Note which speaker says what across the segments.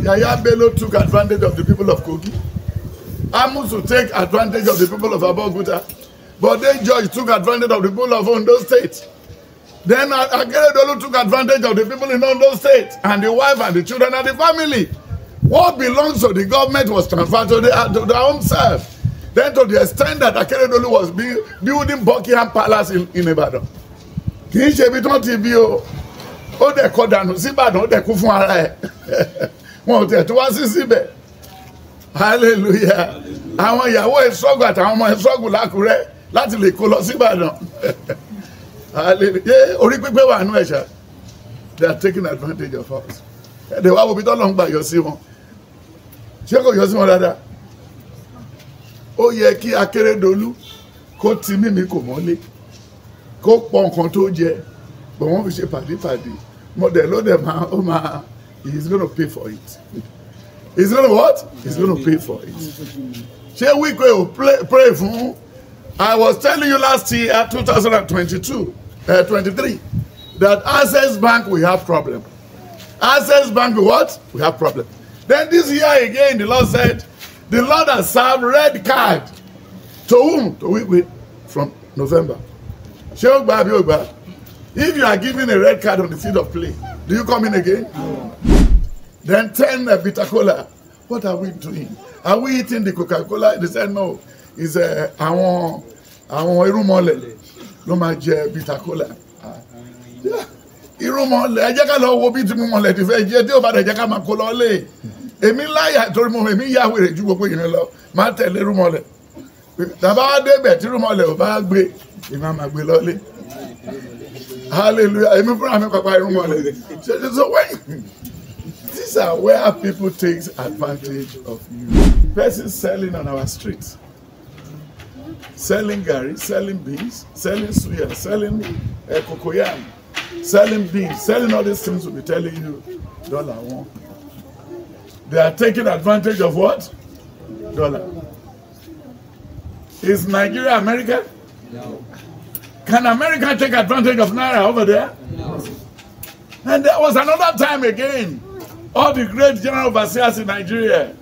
Speaker 1: Yaya Bello took advantage of the people of Kogi. Amusu took advantage of the people of Aboguta. But then George took advantage of the people of Ondo State. Then Akeredolu took advantage of the people in Ondo State and the wife and the children and the family. What belongs to the government was transferred to, the, uh, to their own self. Then to the extent that Akeredolu was be, building Buckingham Palace in, in Ibadan. Kì í ṣe ibi tí wọ́n ti bí o. Ó dẹ̀ kọ wọn ò tẹ̀ tó wá sí síbẹ̀ hallelujah àwọn ìyàwó ìṣọ́gun àtàwọn ọmọ ìṣọ́gun lákùrẹ́ láti lè kó lọ sí hallelujah orí pípé wà nú ẹ̀ṣà they are taking advantage of us ẹ̀dẹ̀ wá wo bí tọ́lọ́ ń gbà yọ sí wọn ṣé kò yọ sí wọn dáadáa ó yẹ kí Akérédolú kó ti mímí kò mọ́lé kó pọ̀ nǹkan tó jẹ bọ̀ fi ṣe pàdípàdé mo dẹ̀ ló dẹ̀ máa ó máa. He's gonna pay for it. He's gonna what? He's gonna pay for it. Shall we o pray fún? I was telling you last year, 2022, uh, 23, that Access Bank we have problem. Access Bank what? We have problem. Then this year again, the Lord said, the Lord has served red card. To whom? To we? from November. If you are given a red card on the field of play, Do you come in again? Then 10 uh, bitter cola. What are we doing? Are we eating the Coca-Cola? They said no. It's uh, àwọn àwọn irúnmọlẹ̀ ló máa jẹ bitter cola. Irúnmọlẹ̀ ẹ jẹ́ ká lọ wo bí tí irúnmọlẹ̀ ti fẹ́ jẹ́ tí ó bá dẹ̀ jẹ́ ká máa kó lọ lé. Èmi láyà torí mo èmi yà wèrè ju gbogbo ìrìn lọ máa tẹ̀lé irúnmọlẹ̀. Tàbá débẹ̀ tí irúnmọlẹ̀ ò bá gbé èmi á máa gbé Hallelujah. Even for I'm a So when these are where people take advantage of you. Persons selling on our streets. Selling gari, selling beans, selling suya, selling uh, eh, cocoyam, selling beans, selling all these things will be telling you dollar one. They are taking advantage of what? Dollar. Is Nigeria America? No. Can America take advantage of Naira over there? No. And there was another time again, all the great general overseers in Nigeria,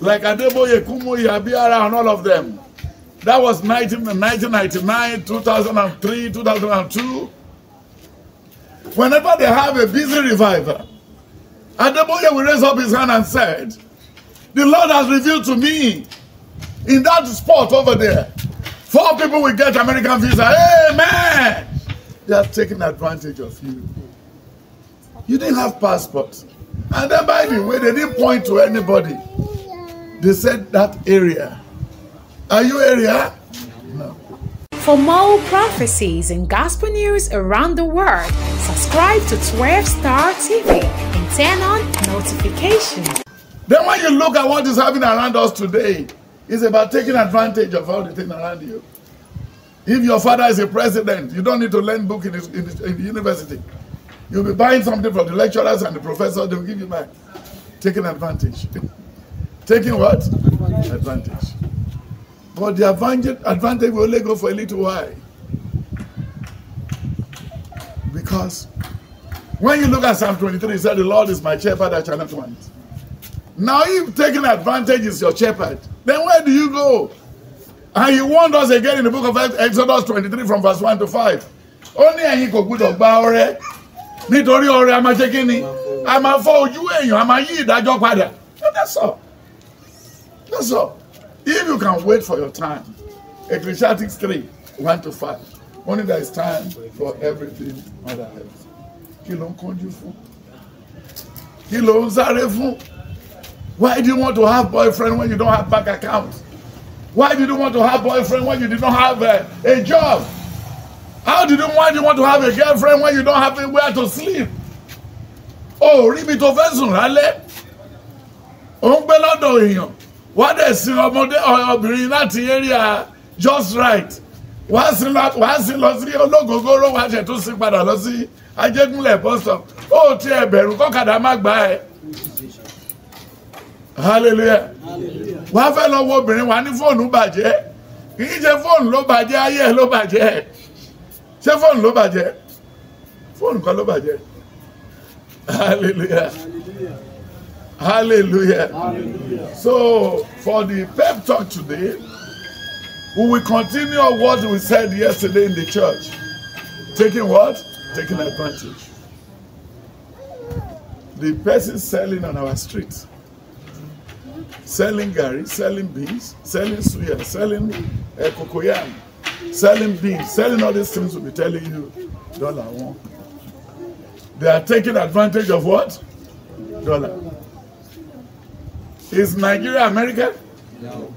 Speaker 1: like Adeboye, Kumoye, Abiara, and all of them. That was 19, 1999, 2003, 2002. Whenever they have a busy revival, Adeboye will raise up his hand and said, the Lord has revealed to me in that spot over there Four people will get American visa. Amen. They have taken advantage of you. You didn't have passport. And then by the way, they didn't point to anybody. They said that area. Are you area? No. For more prophecies and gospel news around the world, subscribe to 12 Star TV and turn on notifications. Then when you look at what is happening around us today, it's about taking advantage of all the things around you. If your father is a president, you don't need to learn book in, in, in the university. You'll be buying something from the lecturers and the professors, they'll give you back. Taking advantage. Taking what? Advantage. advantage. But the advantage, advantage will only go for a little while. Because when you look at Psalm 23, it said, The Lord is my shepherd, I shall not want. Now, if taking advantage is your shepherd, Then where do you go? And he warned us again in the book of Exodus 23 from verse 1 to 5. Only ní ẹ̀yin good of Baore. ọrẹ nítorí ọrẹ a máa ṣe kí ni? you and you. ojú èèyàn, a máa yí ìdájọ́ padà. That's all. That's all. If you can wait for your time, Ecclesiastes 3, 1 to 5. Only there is time for everything under heaven. Kí ló ń kánjú fún? Kí ló ń sáré Why do you want to have boyfriend when you don't have bank account? Why did you want to have boyfriend when you did not have a, eh, a job? How did you, why do you want to have a girlfriend when you don't have anywhere to sleep? Oh, rí mi tó fẹ́ sùn lálẹ́. Ò ń gbé lọ́dọ̀ èèyàn. Wá dẹ̀ sin ọmọdé obìnrin láti area just right. Wá sin lọ sí ológógóró wá ṣètò sí padà lọ sí Ajégúnlẹ̀ bus stop. Ó tiẹ̀ bẹ̀rù kọ́kadà má gbá ẹ hallelujah wà á fẹ́ lọ wo obìnrin wà á ní fóònù bàjẹ́ kì í ṣe fóònù ló bàjẹ́ ayé ẹ̀ ló bàjẹ́ ṣé fóònù ló bàjẹ́ fóònù kan ló bàjẹ́ hallelujah hallelujah so for the pep talk today we will continue what we said yesterday in the church taking what taking advantage the person selling on our street selling gari, selling beans, selling suya, selling uh, cocoyam, selling beans, selling all these things will be telling you dollar one. They are taking advantage of what? Dollar. Is Nigeria America? No.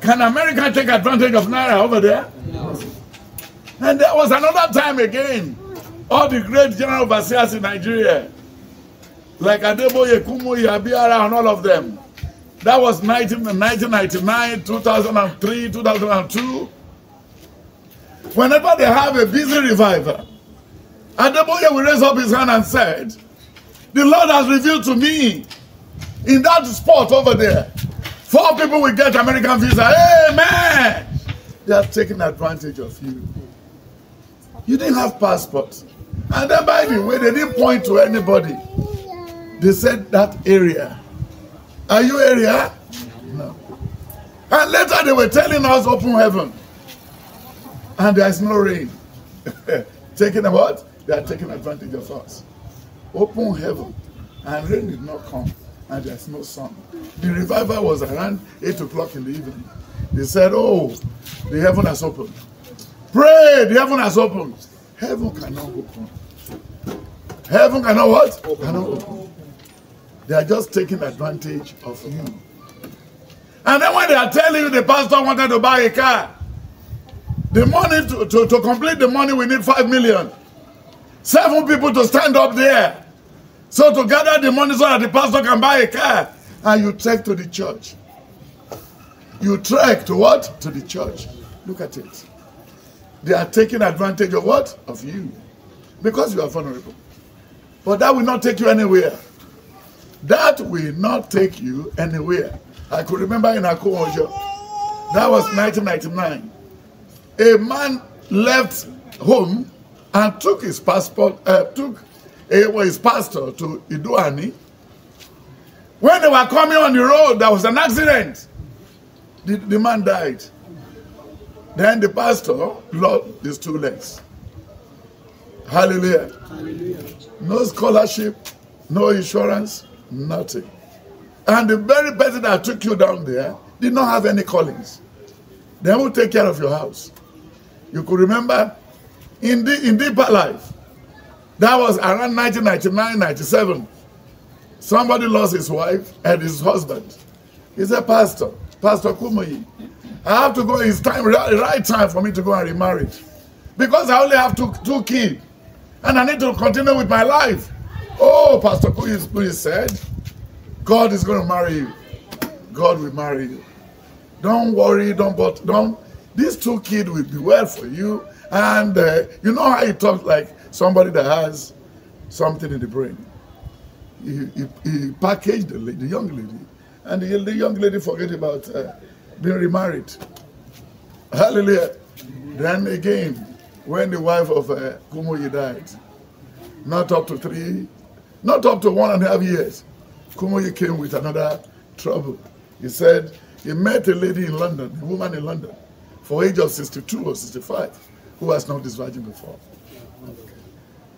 Speaker 1: Can America take advantage of Naira over there? No. And there was another time again, all the great general overseers in Nigeria, like Adeboye, Kumu, Abiara, and all of them, That was 19, 1999, 2003, 2002. Whenever they have a busy revival, Adeboye will raise up his hand and said, the Lord has revealed to me in that spot over there. Four people will get American visa. Amen. They are taking advantage of you. You didn't have passport, And then by the way, they didn't point to anybody. They said that area Are you area? No. And later they were telling us open heaven. And there is no rain. taking about, They are taking advantage of us. Open heaven. And rain did not come. And there is no sun. The revival was around 8 o'clock in the evening. They said, oh, the heaven has opened. Pray, the heaven has opened. Heaven cannot open. Heaven cannot what? Cannot open. They are just taking advantage of you. And then when they are telling you the pastor wanted to buy a car, the money to, to, to complete the money, we need 5 million. Seven people to stand up there. So to gather the money so that the pastor can buy a car. And you trek to the church. You trek to what? To the church. Look at it. They are taking advantage of what? Of you. Because you are vulnerable. But that will not take you anywhere. That will not take you anywhere. I could remember in Akowojo, that was 1999. A man left home and took his passport, uh, took uh, his pastor to Iduani. When they were coming on the road, there was an accident. The, the man died. Then the pastor lost his two legs. Hallelujah. Hallelujah. No scholarship, no insurance, Nothing. And the very person that took you down there did not have any callings. They will take care of your house. You could remember in, the, in deeper life, that was around 1999, 97. Somebody lost his wife and his husband. He's a pastor, Pastor Kumoyi. I have to go, it's time, right time for me to go and remarry. Because I only have two, two kids. And I need to continue with my life. Oh, Pastor Kuyi said, God is going to marry you. God will marry you. Don't worry, don't, but don't. These two kids will be well for you. And uh, you know how he talks like somebody that has something in the brain. He, he, he packaged the, lady, the young lady, and the, the young lady forget about uh, being remarried. Hallelujah. Then again, when the wife of uh, died, not up to three Not up to one and a half years. Kumoye came with another trouble. He said he met a lady in London, a woman in London, for age of 62 or 65, who has not this virgin before.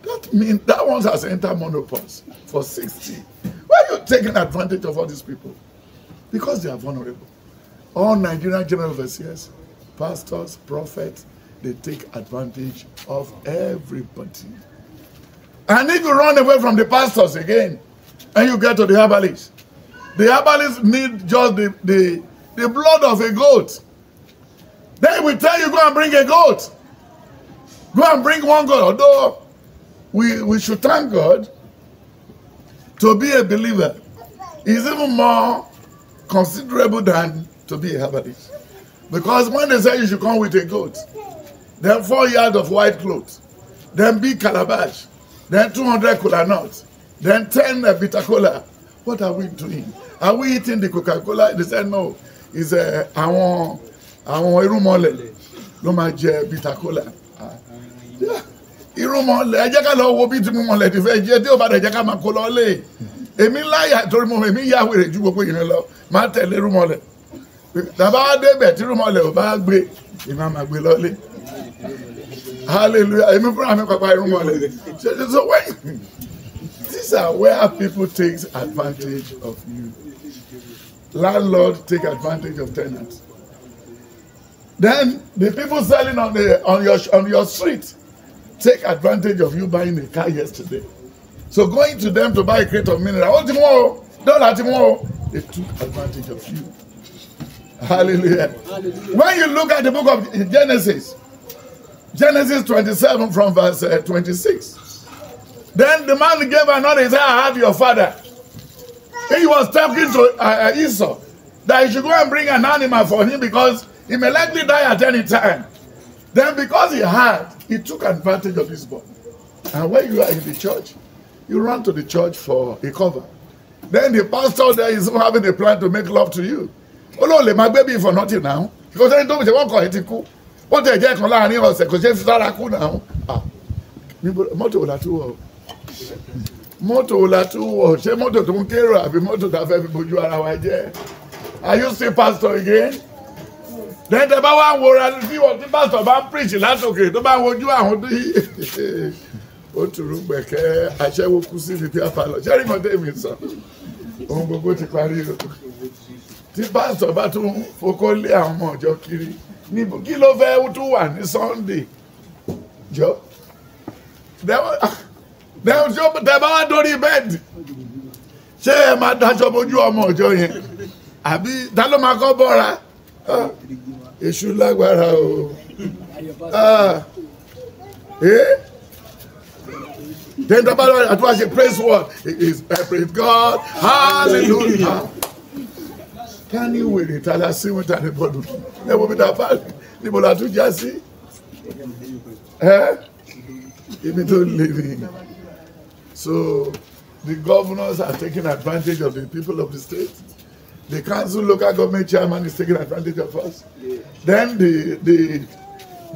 Speaker 1: That means that one has entered menopause for 60. Why are you taking advantage of all these people? Because they are vulnerable. All Nigerian general overseers, pastors, prophets, they take advantage of everybody. And if you run away from the pastors again, and you get to the herbalists, the herbalists need just the, the, the blood of a goat. They will tell you, go and bring a goat. Go and bring one goat. Although we, we should thank God to be a believer is even more considerable than to be a herbalist. Because when they say you should come with a goat, then four yards of white clothes, then big calabash, then 200 cola nuts, then 10 uh, bitter cola. What are we doing? Are we eating the Coca-Cola? They said no. It's a uh, àwọn irúnmọlẹ̀ ló máa jẹ bitter cola. Irúnmọlẹ̀ ẹ jẹ́ ká lọ wo bí tí mo mọlẹ̀ ti fẹ́ jẹ́ tí ó bá dẹ̀ jẹ́ ká máa kó lọ lé. Èmi láyà torí mo èmi yá wèrè ju gbogbo ìrìn lọ máa tẹ̀lé irúnmọlẹ̀. Tàbá débẹ̀ tí irúnmọlẹ̀ ò bá gbé èmi á máa gbé lọ lé. Hallelujah. Even for so when, these are where people take advantage of you. Landlord take advantage of tenants. Then the people selling on the on your on your street take advantage of you buying a car yesterday. So going to them to buy a crate of mineral, oh tomorrow, dollar tomorrow, they took advantage of you. Hallelujah. Hallelujah. When you look at the book of Genesis, Genesis 27 from verse uh, 26. Then the man gave another, he said, I have your father. He was talking to uh, uh, Esau that he should go and bring an animal for him because he may likely die at any time. Then because he had, he took advantage of his body. And when you are in the church, you run to the church for a cover. Then the pastor there is having a plan to make love to you. Oh no, my baby for nothing now. Because then don't want to call it cool. wọ́n tẹ̀ jẹ́ kan láàrin ọ̀sẹ̀ kò ṣe fi sára kù náà mọ́tò ò látúwọ̀ mọ́tò ò látúwọ̀ ṣé mọ́tò tó ń kérò àbí mọ́tò tá fẹ́ fi bojú ara wa jẹ́ are you still pastor again? lẹ́tẹ̀ bá wà ń wora tí wọ́n ti pásítọ̀ bá ń píríṣì látòkè tó bá ń wojú àwọn bí ó tùrú gbẹ̀kẹ́ aṣẹ́wó kú sí ibi tí a fà lọ ṣẹ́rí mọ́tẹ́ mi sọ ohun gbogbo ti parí o tí pásítọ̀ bá tún fokó lé àwọn ọmọ ọjọ́ kiri níbo kí ló fẹ́ tún wà ní Sunday ah, jọ tẹ bá wá dórí bẹ́ẹ̀dì ṣé ẹ máa daṣọ bojú ọmọ ọjọ́ yẹn àbí ta ló máa kọ́ bọ́ra ah, èṣù lágbára o ah, eh? then the Bible, I was a praise word. Eh, praise God. Hallelujah ká ní wèrè tala sí wọn tà ní bọ́ọ̀dù mi ta fáàlì níbo la tún já sí ẹ ibi tó lè rí so the governors are taking advantage of the people of the state the council local government chairman is taking advantage of us then the the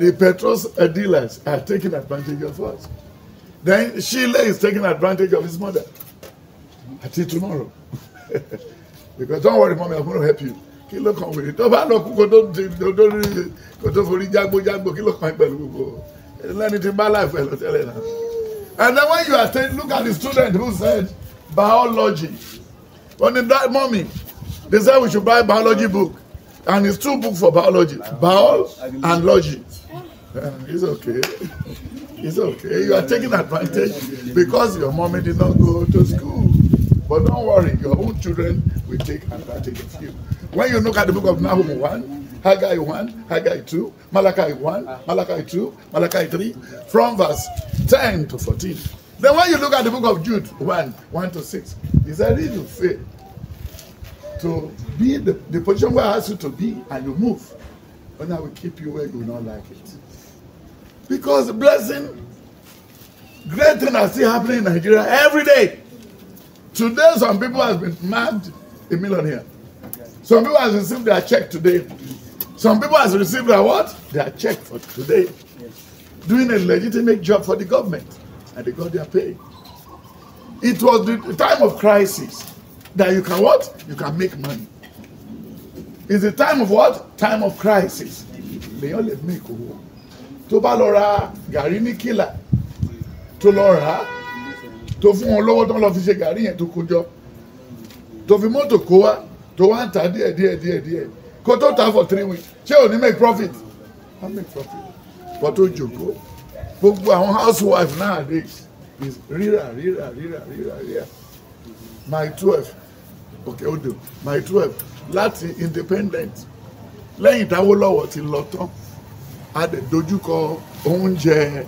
Speaker 1: the petrol uh, dealers are taking advantage of us then Sheila is taking advantage of his mother until tomorrow. because don't worry mommy i'm gonna help you kí ló kàn wèrè tó bá lọ kú kó tó lórí kó tó forí jágbójágbó kí ló kàn pẹ̀lú gbogbo lẹ́ni tí bá láì pẹ̀lú tẹ́lẹ̀ náà. and then when you are saying look at the student who said biology when the die mommy they said we should buy biology book and it's two books for biology bio and logy uh, it's okay it's okay you are taking advantage because your mommy did not go to school. But don't worry, your own children will take advantage of you. When you look at the book of Nahum 1, Haggai 1, Haggai 2, Malachi 1, Malachi 2, Malachi 3, from verse 10 to 14. Then when you look at the book of Jude 1, 1 to 6, he a if fail to be the, the position where I ask you to be and you move, then I will keep you where you will not like it. Because blessing, great things are still happening in Nigeria every day. Today, some people has been mad a millionaire. Some people has received their check today. Some people has received their what? Their check for today. Doing a legitimate job for the government. And they got their pay. It was the time of crisis that you can what? You can make money. It's the time of what? Time of crisis. Lèyàn lè make owó. Tó bá Garini ra gàrí ní tó fún wọn lọ́wọ́ tó lọ fi ṣe gàrí yẹn tó kó jọ tó fi mọ́tò kó wá tó wá ń ta díẹ̀ díẹ̀ díẹ̀ díẹ̀ kó tó ta for three weeks ṣé ò ní make profit I make profit but ó jòkó gbogbo àwọn housewife nowadays is rírà rírà rírà rírà rírà my twelve okay odo my twelve láti independent lẹ́yìn táwọ́lọ́wọ́ ti lọ tán a dẹ̀ dojúkọ oúnjẹ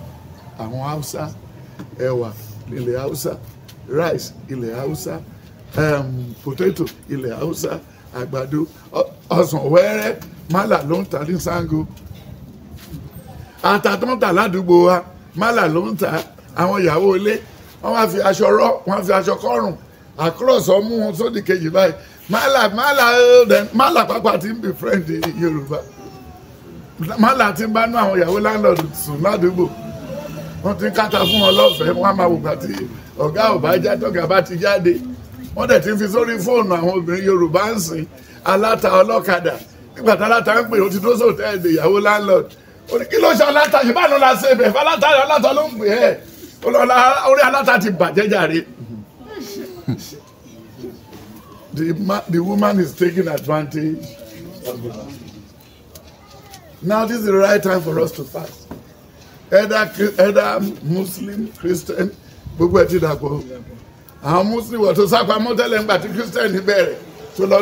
Speaker 1: àwọn Hausa ẹ̀wà. Eh, ilẹ̀ haúsá rice ilẹ̀ haúsá um, potato ilẹ̀ haúsá àgbàdo ọsàn wẹ́rẹ́ málà ló ń ta ní sango àtàtúntà ládùúgbò wa málà ló ń ta àwọn ìyàwó ilé wọ́n wá fi aṣọ rọ́ wọ́n fi aṣọ kọ́rùn across ọmú wọn sódì kejì báyìí málà málà eh, málà pápá ti ń befriend Yorùbá málà ti ń bá nú àwọn ìyàwó landlord sùn ládùúgbò wọ́n ti ń káta fún wọn lọ́fẹ̀ẹ́ wọ́n á máa wò gbà tí ọ̀gá ò bá bá ti jáde wọ́n dẹ̀ ti fi sórí fóònù àwọn obìnrin Yorùbá ń sìn aláta ọlọ́kadà nígbà tá aláta ń pè ó ti dó sòtẹ́ẹ̀lì ìyàwó landlord ó ní kí ló ṣe aláta ṣe báà la ṣe bẹ̀ aláta aláta ló ń pè ẹ́ orí aláta ti bàjẹ́ jàre the, ma the woman is taking advantage of the man. Now this is the right time for us to fast ẹ̀dá ẹ̀dá muslim christian gbogbo ẹ̀ ti dàpọ̀ àwọn muslim wọ̀ tó sápamọ́ tẹ́lẹ̀ ńgbà tí christian bẹ̀rẹ̀ tó lọ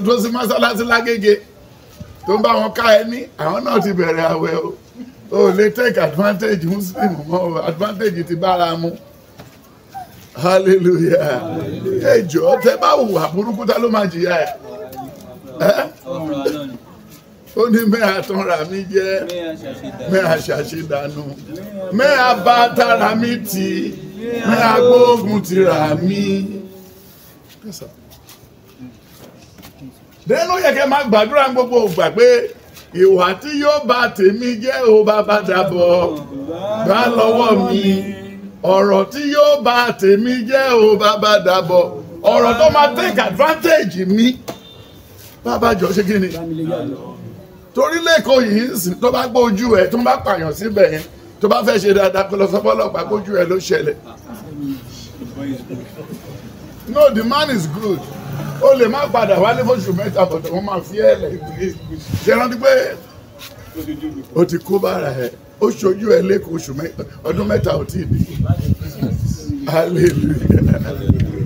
Speaker 1: dúró sí mọ́sálásí lágége tó ń bá wọn ká ẹni àwọn náà ti bẹ̀rẹ̀ àwẹ̀ o o lè take advantage muslim mọ́ o advantage ti bára mu hallelujah ẹ jọ̀ọ́ tẹ́ bá hùwà burúkú tá ló máa jìyà ẹ̀ ó ní mẹ́ra tán ra mi jẹ́ mẹ́ra ṣàṣedànù mẹ́ra bá tára mi tì mẹ́ra gbóògùn ti rà mí. dẹ́nu yẹ kẹ́ máa gbàdúrà gbogbo ògbà pé ìwà tí yóò bà tèmi jẹ́ ò bá bá dàbọ̀ gbà lọ́wọ́ mi ọ̀rọ̀ tí yóò bà tèmi jẹ́ ò bá bá dàbọ̀ ọ̀rọ̀ tó máa take advantage mi bá bá jọ ṣé kí ni torí lẹ́kọ̀ọ́ yìí ń sìn tó bá gbọ́ ojú ẹ̀ tó bá pààyàn síbẹ̀ yẹn tó bá fẹ́ ṣe dáadáa kó lọ sọ fọlọ́pàá kójú ẹ̀ ló ṣẹlẹ̀. no the man is good o lè má padà wálé fóṣù mẹ́ta bọ̀dọ̀ wọ́n máa fi ẹ̀ lẹ̀ ṣe rántí pé o ti kó bára ẹ̀ ó ṣojú ẹ̀ lẹ́kọ̀ọ́ oṣù mẹ́ta ọdún mẹ́ta ò tí ì dé hallelujah.